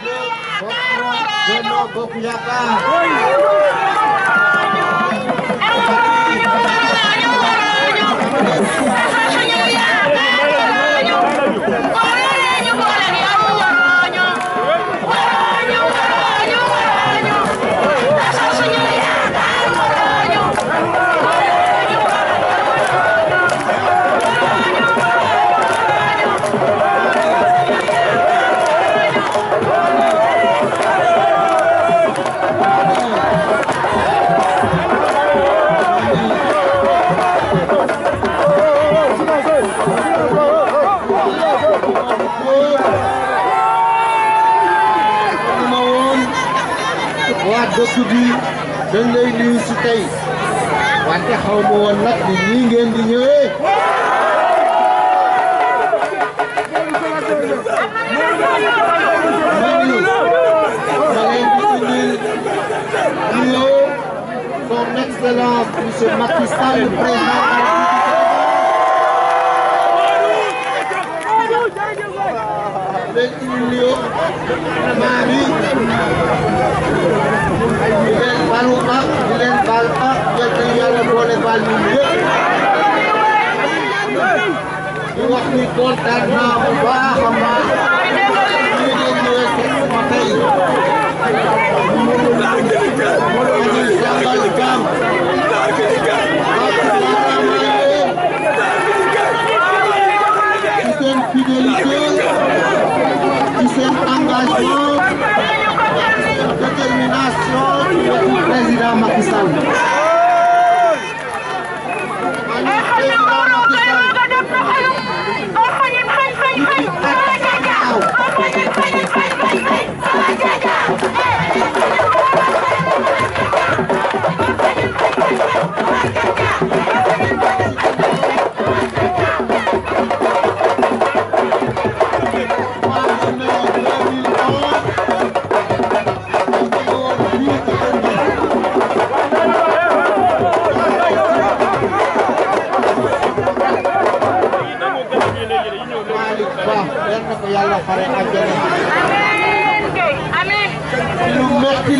Bokuya Bokuya sugi dang lay liu su tay wan te hao mo nat di ni gen di nyo e Son Excellence, M. Matistan, le président Marie Thank you.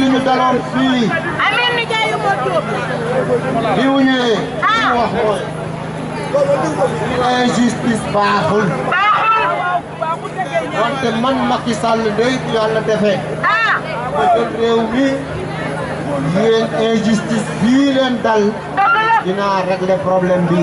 li ñu daloon fii. amiin ni jaayu moo li ah. mu wax mooy. injustice baaxul. wante man Macky Sall day yàlla defee. ma ah. jël réew mi yéen injustice bii leen dal. dinaa régler problème bi.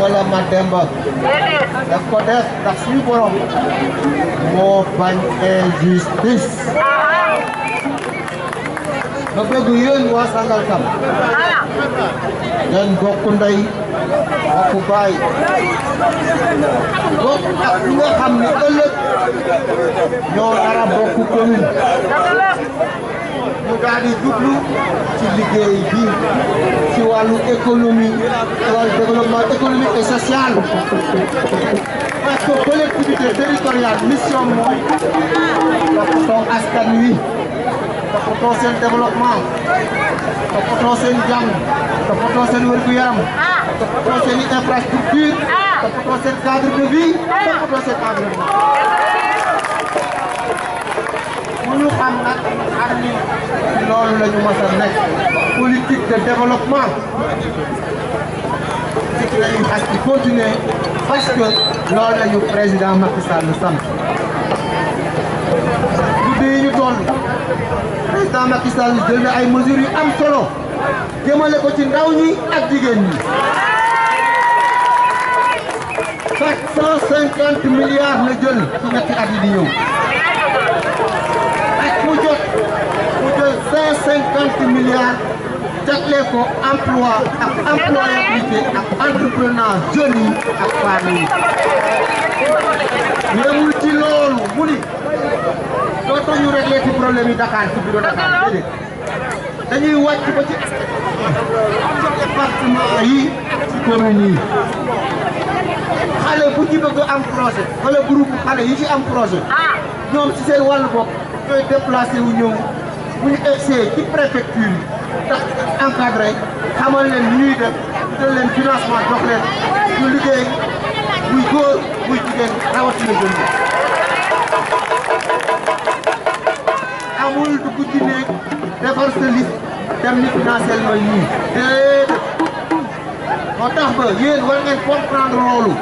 wala ma demba daf ko def ndax borom moo bañ injustice ma bëgg yéen waa Sangalkam ngeen bokk ndey bokk baay bokk ak nga xam ne ëllëg ñoo dara bokk commune daal di jublu ci liggéey de ci wàllu économie ci développement économique et social parce que collectivité territoriale mission mooy toppatoo nuit, wi toppatoo le développement toppatoo seen jàmm toppatoo seen wér-gu-yaram toppatoo seen infrastructure toppatoo le cadre de vie cadre de vie. bu ñu xam nag ak ñun loolu la ñu mës a nekk de développement ci la xas di continuer parce que loolu président Macky Sall sant bu dee ñu toll président Macky Sall jël na ay mesures yu am solo jëmale ko ci ndaw ñi ak jigéen ñi. 450 milliards la jël ci ñetti at yi di ñëw. 150 milliards jagleel ko emploi ak employabilité yi ak femmes ci loolu mu ni dootoo ñu réglé ci problème yi Dakar ci bureau Dakar déedéet dañuy wàcc ba ci département yi ci communes yi. xale bu ci bëgg am projet wala groupe xale yi ci am projet ñoom ci seen wàllu bopp ñooy wu ñëw. bu ñu egsee ci préfecture yi tax encadré xamal leen ñuy def jël leen financement jox leen ñu liggéey muy jigéen rawatina jënd amul dugg ci néeg defar sa liste dem ni financier ma ñii déedéet moo tax ba yéen war ngeen comprendre loolu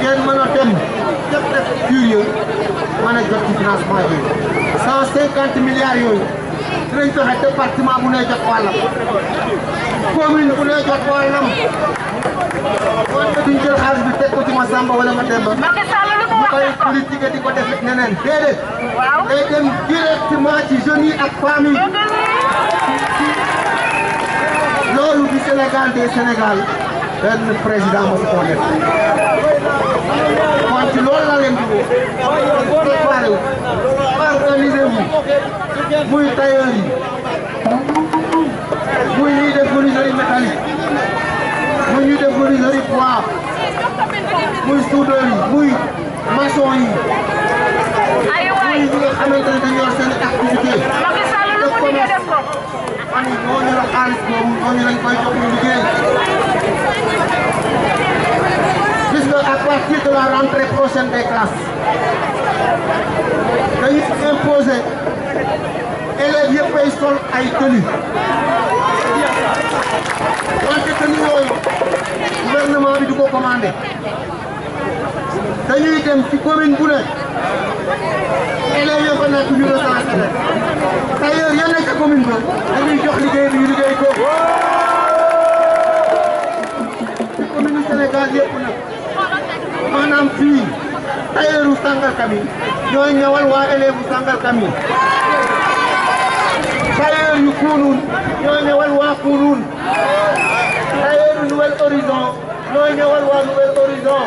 ngeen mën a dem def def curieux mën a jot ci financement yi cent cinquante milliards yooyu dinañ fexe département bu ne jot wàllam commune bu ne jot wàllam wante duñ jël xaalis bi teg ko ci ma Samba wala ma Demba ñu koy politique di ko def neneen déedéet day dem directement ci jeunes yi ak famille loolu di Sénégal des Sénégal benn président ma su def kon ci loolu la leen di woo muy tailleur yi muy ñuy def menuiserie métallique muy ñuy def menuiserie bois muy soudeur yi muy maçon yi muy ñi nga ñoo ñu ñoo ñu lañ koy jox ñu liggéey puisque à partir de la rentrée prochaine des classes dañuy imposer élèves yëpp ay sol ay tenues wante tenues yooyu gouvernement bi du ko commandé dañuy dem ci commune bu ne élèves yoo fa nekk ñu recensé leen tailleur ya nekk commune ba yëpp nag maanaam fii tayeeru Sangalkam yi ñooy ñëwal waa élève bu Sangalkam yi tayeer yu Kounoune ñooy ñëwal waa Kounoune tayeeru Nouvel Horizon ñooy ñëwal waa Nouvel Horizon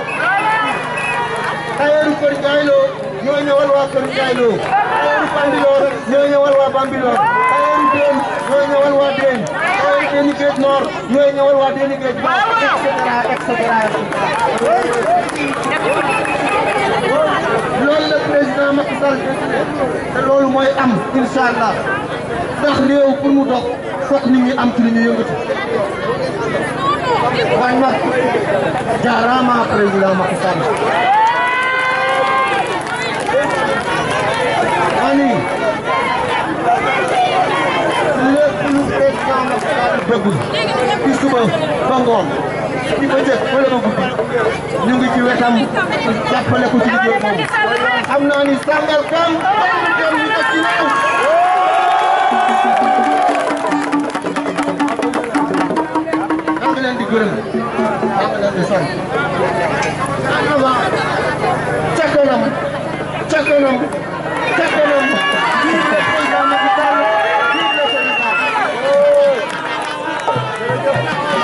tayeeru Kër Diaylo ñooy ñëwal waa Kër Diaylo tayeeru Bambilor ñooy ñëwal waa Bambilor tayeeru Dène ñooy ñëwal waa Dène ñooy deni géej loolu la président Macky loolu mooy am incha allah ndax réew pour mu dox foog nit ñi am ci li ñu yëngatu waaye nag président Macky guddi ci suba ba ngoon ci bëccëg wala ba guddi ñu ngi ci wetam jàppale ko ci liggéey boobu xam naa ni Sangalkam dem ñu ko ci néew maa ngi leen di gërëm maa ngi leen di sant avant ca kanam ca kanam ca kanam Thank you.